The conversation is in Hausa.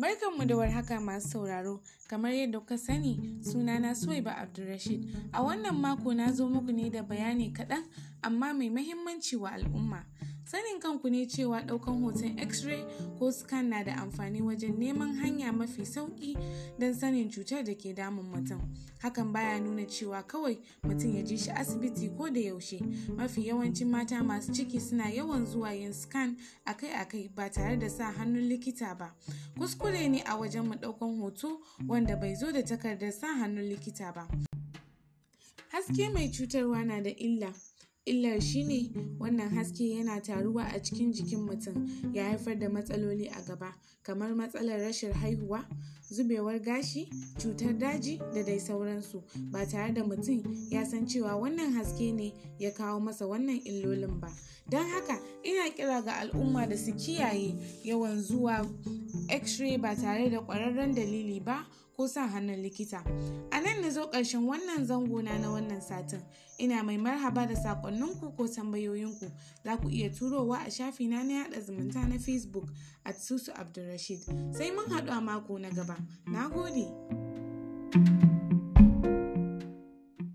Barkanmu da warhaka masu sauraro, kamar yadda kuka sani sunana Suwaiba Abdulrashid. A wannan mako na zo muku ne da bayani kaɗan amma mai mahimmanci wa al'umma Sanin kanku ne cewa ɗaukan hoton X-ray ko scan na da amfani wajen neman hanya mafi sauki don sanin cutar da ke damun mutum. Hakan baya nuna cewa kawai mutum ya ji shi asibiti ko da yaushe. Mafi yawancin mata masu ciki suna yawan zuwa yin scan akai-akai ba tare da sa hannun likita ba. Kuskure ne a wajen mu ɗaukan hoto wanda bai zo da takardar sa hannun likita ba. Haske mai cutarwa na da illa. Illar shi ne wannan haske yana taruwa a cikin jikin mutum ya haifar da matsaloli a gaba kamar matsalar rashin haihuwa, zubewar gashi, cutar daji da dai sauransu ba tare da mutum ya san cewa wannan haske ne ya kawo masa wannan illolin ba. Don haka ina kira ga al'umma da su kiyaye yawan zuwa x-ray ba tare da ƙwararren dalili ba ko sa hannun likita. A nan na zo ƙarshen wannan zangona na wannan satin. Ina mai marhaba da saƙonninku ko tambayoyinku. Za ku iya turowa a shafina na yaɗa zumunta na Facebook a Susu Abdulrashid. Sai mun haɗu a mako na gaba. Na gode. thank you